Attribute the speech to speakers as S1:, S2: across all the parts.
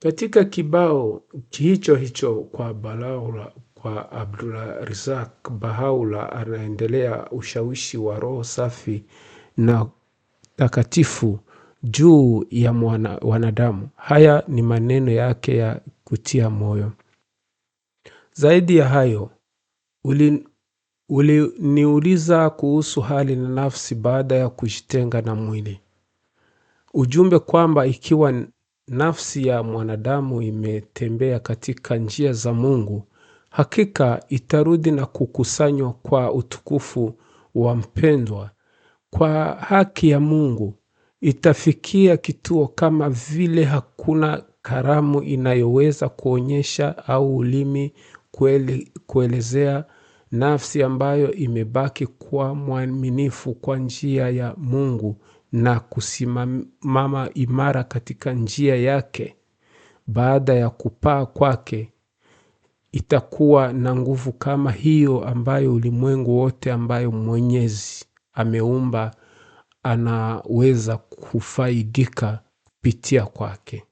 S1: Katika kibao hicho hicho kwa Balaula kwa Rizak Bahaula anaendelea ushawishi wa roho safi na takatifu juu ya mwana, wanadamu. Haya ni maneno yake ya kutia moyo. Zaidi ya hayo, uliniuliza uli kuhusu hali na nafsi baada ya kujitenga na mwili. Ujumbe kwamba ikiwa nafsi ya mwanadamu imetembea katika njia za Mungu, hakika itarudi na kukusanywa kwa utukufu wa mpendwa. Kwa haki ya Mungu itafikia kituo kama vile hakuna karamu inayoweza kuonyesha au ulimi kuele, kuelezea nafsi ambayo imebaki kuwa mwaminifu kwa njia ya Mungu na kusimama imara katika njia yake baada ya kupaa kwake itakuwa na nguvu kama hiyo ambayo ulimwengu wote ambayo Mwenyezi ameumba anaweza kufaidika kupitia kwake.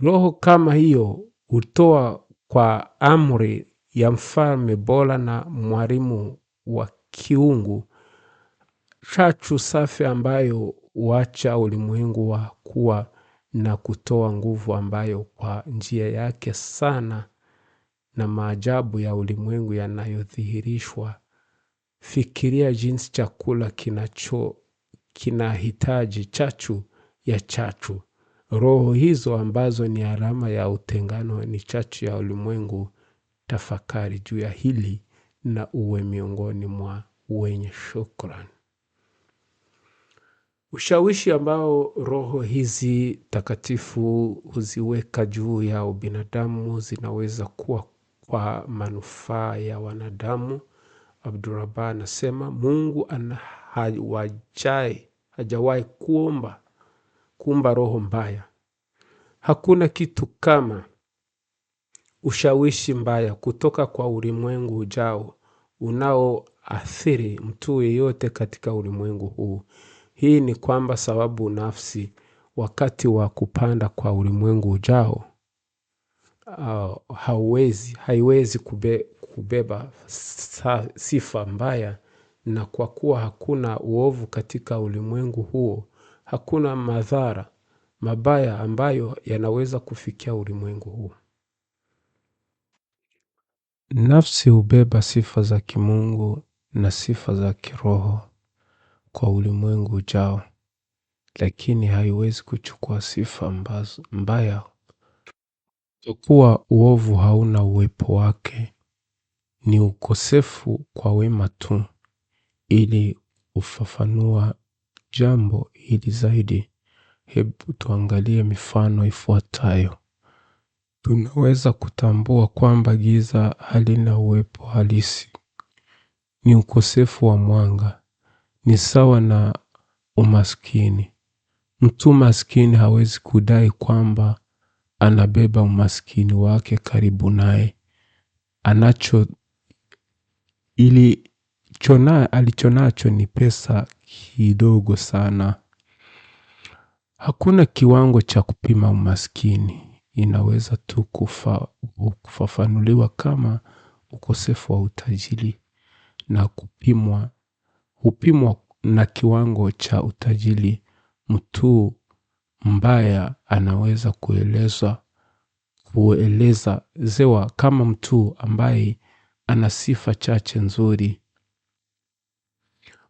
S1: Roho kama hiyo hutoa kwa amri ya mfalme bora na mwalimu wa kiungu chachu safi ambayo huacha ulimwengu wa kuwa na kutoa nguvu ambayo kwa njia yake sana na maajabu ya ulimwengu yanayodhihirishwa. Fikiria jinsi chakula kinacho kinahitaji chachu ya chachu. Roho hizo ambazo ni alama ya utengano ni chachu ya ulimwengu. Tafakari juu ya hili na uwe miongoni mwa wenye shukran. Ushawishi ambao roho hizi takatifu huziweka juu ya ubinadamu zinaweza kuwa kwa manufaa ya wanadamu. Abdurabba anasema Mungu hawajai hajawahi kuomba kuumba roho mbaya. Hakuna kitu kama ushawishi mbaya kutoka kwa ulimwengu ujao unaoathiri mtu yeyote katika ulimwengu huu. Hii ni kwamba sababu nafsi wakati wa kupanda kwa ulimwengu ujao uh, hauwezi, haiwezi kube, kubeba sa, sifa mbaya, na kwa kuwa hakuna uovu katika ulimwengu huo, hakuna madhara mabaya ambayo yanaweza kufikia ulimwengu huo
S2: Nafsi hubeba sifa za kimungu na sifa za kiroho kwa ulimwengu ujao, lakini haiwezi kuchukua sifa mbaya kwa kuwa uovu hauna uwepo wake, ni ukosefu kwa wema tu. Ili ufafanua jambo hili zaidi, hebu tuangalie mifano ifuatayo. Tunaweza kutambua kwamba giza halina uwepo halisi, ni ukosefu wa mwanga ni sawa na umaskini. Mtu maskini hawezi kudai kwamba anabeba umaskini wake karibu naye. Anacho ili chona alichonacho ni pesa kidogo sana. Hakuna kiwango cha kupima umaskini. Inaweza tu kufafanuliwa kama ukosefu wa utajiri na kupimwa hupimwa na kiwango cha utajiri. Mtu mbaya anaweza kuelezwa zewa kama mtu ambaye ana sifa chache nzuri.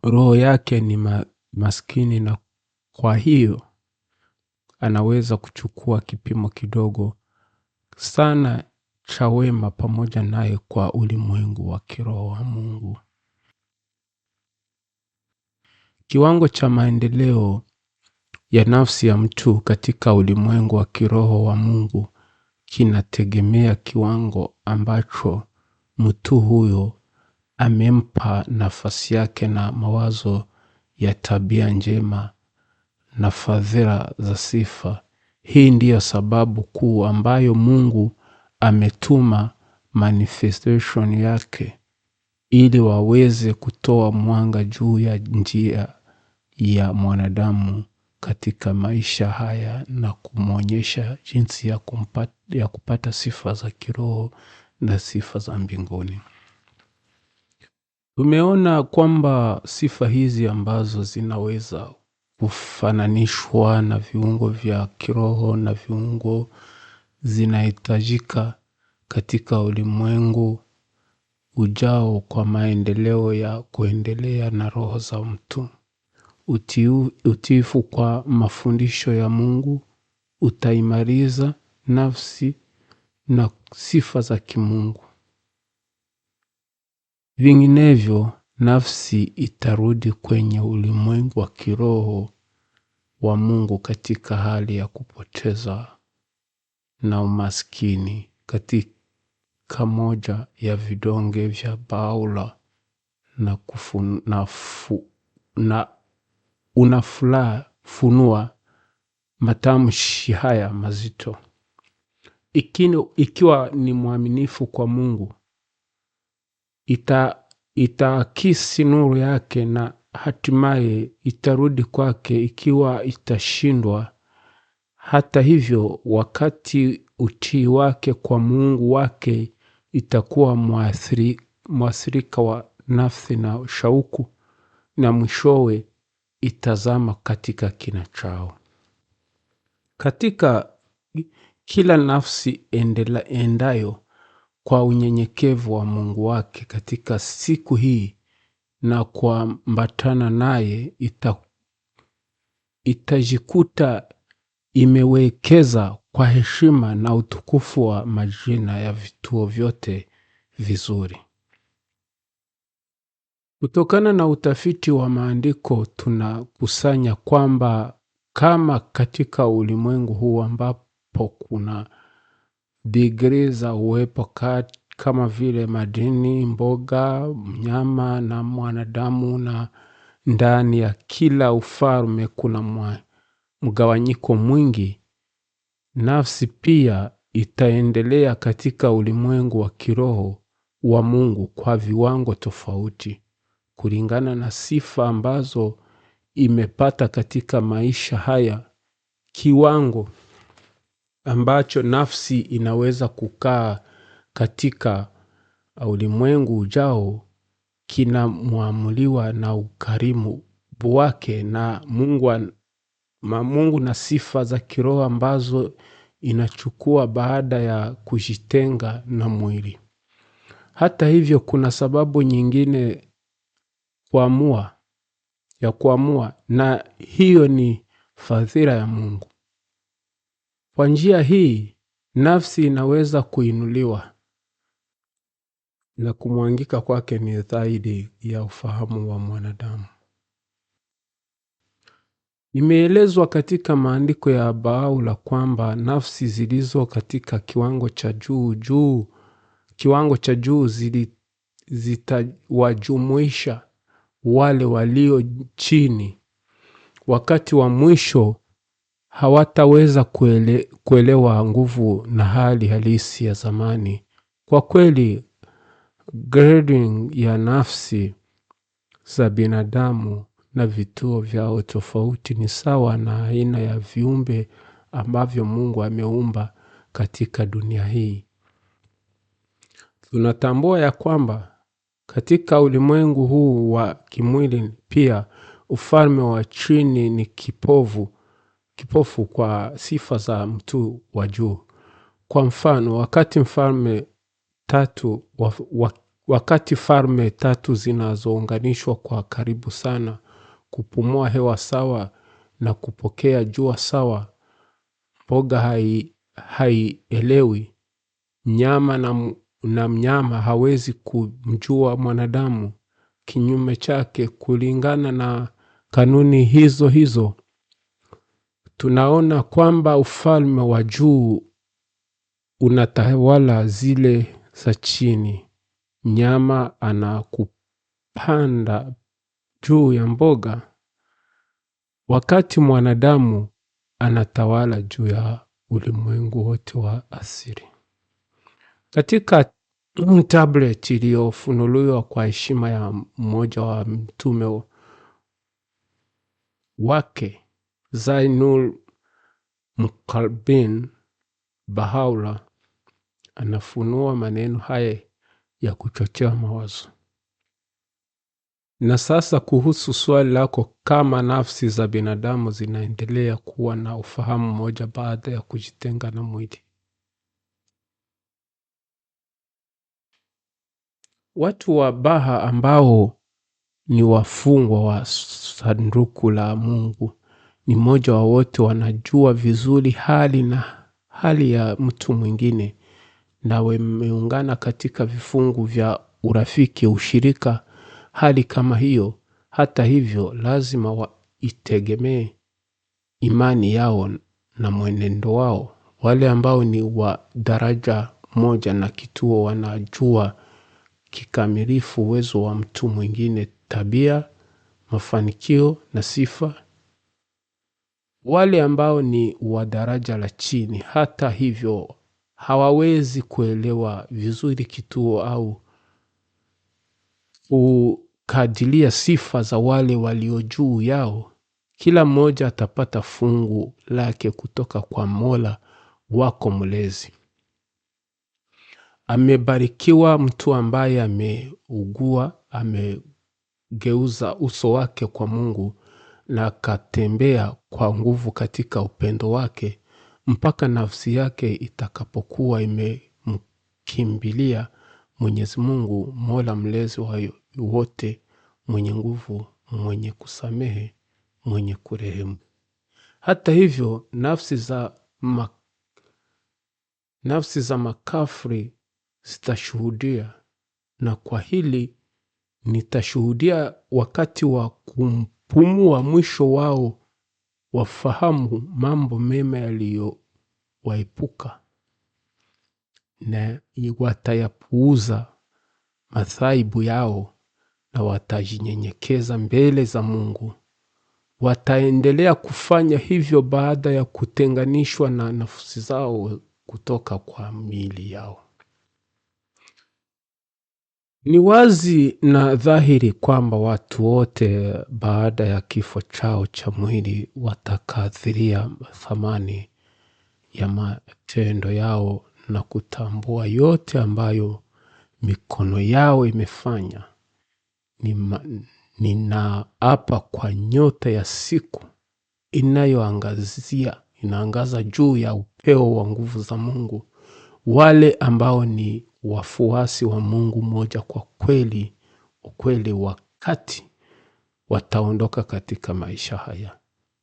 S2: Roho yake ni maskini na kwa hiyo anaweza kuchukua kipimo kidogo sana cha wema pamoja naye kwa ulimwengu wa kiroho wa Mungu kiwango cha maendeleo ya nafsi ya mtu katika ulimwengu wa kiroho wa Mungu kinategemea kiwango ambacho mtu huyo amempa nafasi yake na mawazo ya tabia njema na fadhila za sifa. Hii ndiyo sababu kuu ambayo Mungu ametuma manifestation yake ili waweze kutoa mwanga juu ya njia ya mwanadamu katika maisha haya na kumwonyesha jinsi ya kupata sifa za kiroho na sifa za mbinguni. Tumeona kwamba sifa hizi ambazo zinaweza kufananishwa na viungo vya kiroho na viungo zinahitajika katika ulimwengu ujao kwa maendeleo ya kuendelea na roho za mtu utiu, utiifu kwa mafundisho ya Mungu utaimariza nafsi na sifa za kimungu. Vinginevyo nafsi itarudi kwenye ulimwengu wa kiroho wa Mungu katika hali ya kupoteza na umaskini katika moja ya vidonge vya Baula na, kufu, na, fu, na una furaha funua matamshi haya mazito. Ikino, ikiwa ni mwaminifu kwa Mungu ita itaakisi nuru yake na hatimaye itarudi kwake ikiwa itashindwa. Hata hivyo, wakati utii wake kwa Muungu wake itakuwa mwathiri, mwathirika wa nafsi na shauku na mwishowe itazama katika kina chao. Katika kila nafsi endela, endayo kwa unyenyekevu wa Mungu wake katika siku hii na kuambatana naye ita, itajikuta imewekeza kwa heshima na utukufu wa majina ya vituo vyote vizuri. Kutokana na utafiti wa maandiko tunakusanya kwamba kama katika ulimwengu huu ambapo kuna digrii za uwepo kama vile madini, mboga, mnyama na mwanadamu na ndani ya kila ufalme kuna mgawanyiko mwingi, nafsi pia itaendelea katika ulimwengu wa kiroho wa Mungu kwa viwango tofauti kulingana na sifa ambazo imepata katika maisha haya, kiwango ambacho nafsi inaweza kukaa katika ulimwengu ujao kinamwamuliwa na ukarimu wake na Mungu, na Mungu na sifa za kiroho ambazo inachukua baada ya kujitenga na mwili. Hata hivyo, kuna sababu nyingine kuamua ya kuamua, na hiyo ni fadhila ya Mungu. Kwa njia hii nafsi inaweza kuinuliwa na kumwangika kwake ni zaidi ya ufahamu wa mwanadamu. Imeelezwa katika maandiko ya Baha'u'llah kwamba nafsi zilizo katika kiwango cha juu juu kiwango cha juu zitawajumuisha wale walio chini wakati wa mwisho hawataweza kuele, kuelewa nguvu na hali halisi ya zamani. Kwa kweli, grading ya nafsi za binadamu na vituo vyao tofauti ni sawa na aina ya viumbe ambavyo Mungu ameumba katika dunia hii. Tunatambua ya kwamba katika ulimwengu huu wa kimwili pia ufalme wa chini ni kipofu, kipofu kwa sifa za mtu wa juu. Kwa mfano, wakati mfalme tatu, wakati falme tatu zinazounganishwa kwa karibu sana, kupumua hewa sawa na kupokea jua sawa, mboga haielewi, nyama na na mnyama hawezi kumjua mwanadamu. Kinyume chake, kulingana na kanuni hizo hizo, tunaona kwamba ufalme wa juu unatawala zile za chini. Mnyama anakupanda juu ya mboga, wakati mwanadamu anatawala juu ya ulimwengu wote wa asili. Katika tablet iliyofunuliwa kwa heshima ya mmoja wa mtume wake Zainul mkalbin bahaula anafunua maneno haya ya kuchochea mawazo. Na sasa kuhusu swali lako, kama nafsi za binadamu zinaendelea kuwa na ufahamu mmoja baada ya kujitenga na mwili Watu wa Baha ambao ni wafungwa wa sanduku la Mungu ni mmoja wa wote wanajua vizuri hali na hali ya mtu mwingine, na wameungana katika vifungu vya urafiki, ushirika. Hali kama hiyo, hata hivyo, lazima waitegemee imani yao na mwenendo wao. Wale ambao ni wa daraja moja na kituo wanajua kikamilifu uwezo wa mtu mwingine, tabia, mafanikio na sifa. Wale ambao ni wa daraja la chini, hata hivyo, hawawezi kuelewa vizuri kituo au kukadilia sifa za wale walio juu yao. Kila mmoja atapata fungu lake kutoka kwa Mola wako Mlezi. Amebarikiwa mtu ambaye ameugua, amegeuza uso wake kwa Mungu na akatembea kwa nguvu katika upendo wake mpaka nafsi yake itakapokuwa imemkimbilia Mwenyezi Mungu, Mola mlezi wa wote, mwenye nguvu, mwenye kusamehe, mwenye kurehemu. Hata hivyo nafsi za, ma, nafsi za makafri zitashuhudia, na kwa hili nitashuhudia wakati wa kumpumua mwisho wao wafahamu mambo mema yaliyowaepuka na watayapuuza madhaibu yao na watajinyenyekeza mbele za Mungu. Wataendelea kufanya hivyo baada ya kutenganishwa na nafsi zao kutoka kwa miili yao. Ni wazi na dhahiri kwamba watu wote baada ya kifo chao cha mwili watakadhiria thamani ya matendo yao na kutambua yote ambayo mikono yao imefanya. Ninaapa kwa nyota ya siku inayoangazia inaangaza juu ya upeo wa nguvu za Mungu wale ambao ni wafuasi wa Mungu mmoja kwa kweli, ukweli wa kati, wataondoka katika maisha haya,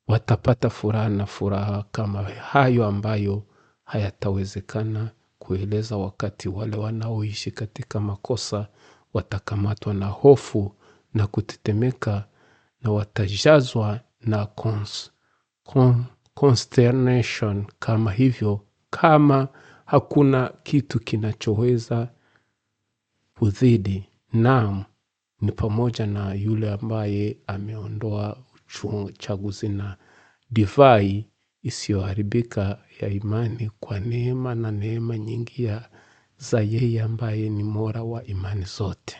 S2: watapata furaha na furaha kama hayo ambayo hayatawezekana kueleza wakati wale wanaoishi katika makosa watakamatwa na hofu na kutetemeka na watajazwa na cons, con, consternation kama hivyo kama hakuna kitu kinachoweza kudhidi. Naam, ni pamoja na yule ambaye ameondoa uchaguzi na divai isiyoharibika ya imani kwa neema na neema nyingi ya za yeye ambaye ni mora wa imani zote.